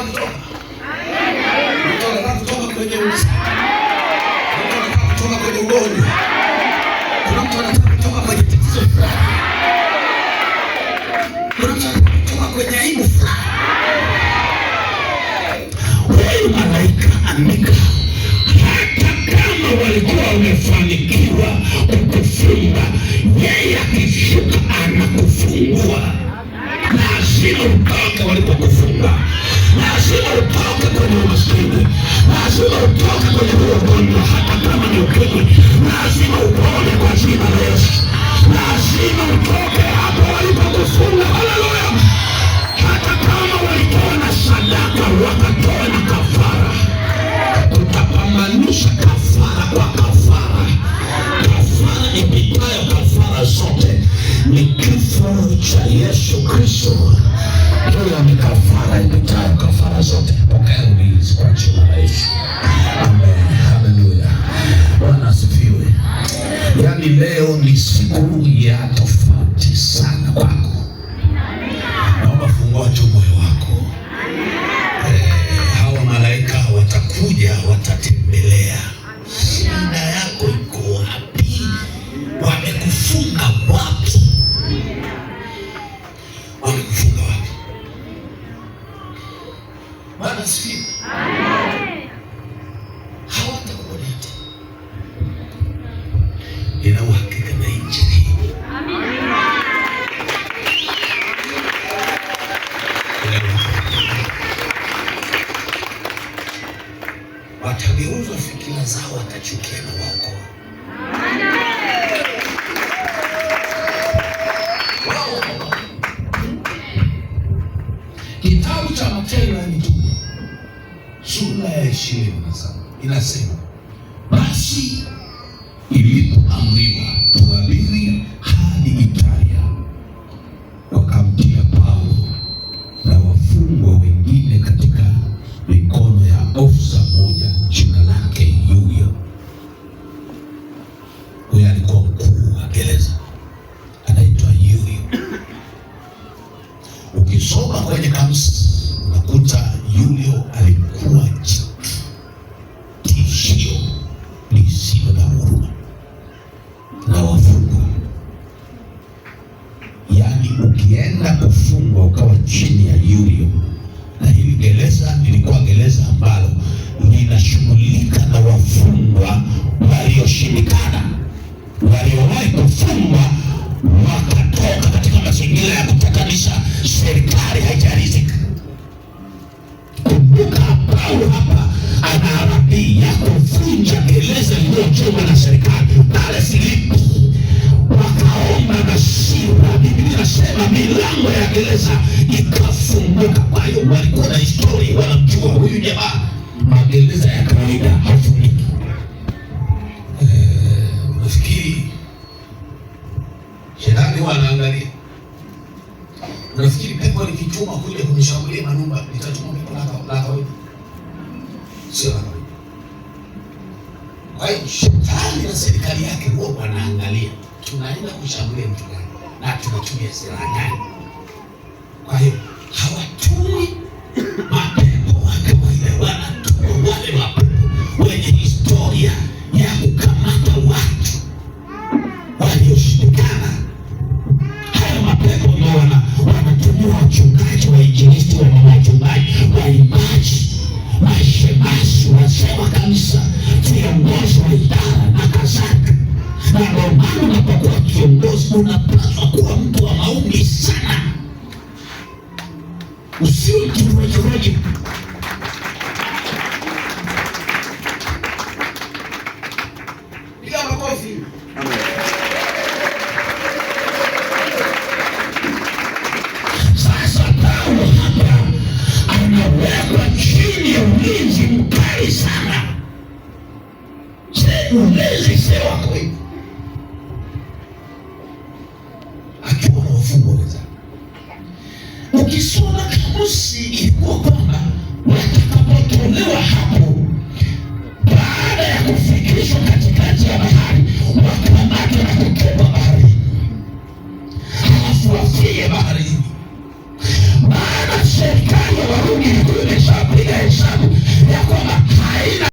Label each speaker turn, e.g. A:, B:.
A: Tunataka malaika kukufunga, yeye akishuka anakufungua wapanga walipokufunga. Lazima utoke kwenye umaskini, lazima utoke kwenye huo ugonjwa, hata kama ni ukimwi. Lazima upone kwa jina la Yesu, lazima utoke hapo walipokufunga. Haleluya! Hata kama walitoa na sadaka, wakatoa na kafara, tutapambanisha kafara kwa kafara, kafara ipitayo kafara zote ni kifo cha Yesu Kristo. Hiyo ni kafara ipitayo kafara zote. Pokea ulinzi kwa jina la Yesu. Amen. Haleluya. Bwana asifiwe. Yaani leo ni siku ya tofauti sana. wakigeuzwa fikira zao watachukia na wako Kitabu cha Matendo ya Mitume sura ya ishirini na saba inasema basi ilipoamriwa tuabiri hadi Italia, wakamtia kwamba ukawa chini ya Yurio, na hili gereza lilikuwa gereza ambalo linashughulika na wafungwa walioshindikana, waliowahi kufungwa wakatoka katika mazingira ya kutatanisha, serikali haijarizika. Kumbuka Paulo hapa anaarabia kuvunja gereza lililojengwa na serikali pale Filipi na milango ya gereza ikafunguka. Kwa hiyo walikuwa na histori, wanamjua huyu jamaa. Magereza ya kawaida hafuniki. Eh, unafikiri shetani huwa anaangalia? Unafikiri pepo likichuma kuja kunishambulia Manumba litachuma pepo la kawaida? Sio la kawaida. Kwa hiyo shetani na serikali yake huwa wanaangalia, tunaenda kushambulia mtu gani? na tumetumia silaha gani? Kwa hiyo hawatumi mapepo wa kawaida, wanatuma wale mapepo wenye historia ya kukamata watu walioshindikana. Hayo mapepo ndio wanatumiwa wachungaji, wainjilisti, wa mama wachungaji, waimbaji, mashemasi, wazee wa kanisa, viongozi wa idara na kadhalika na kiongozi unapaswa kuwa mtu wa maombi sana, usiwe kirojiroji. Sasa Paulo hapa anawekwa chini ya ulinzi mkali sana. Je, ulinzi wa kweli? possível. Opa!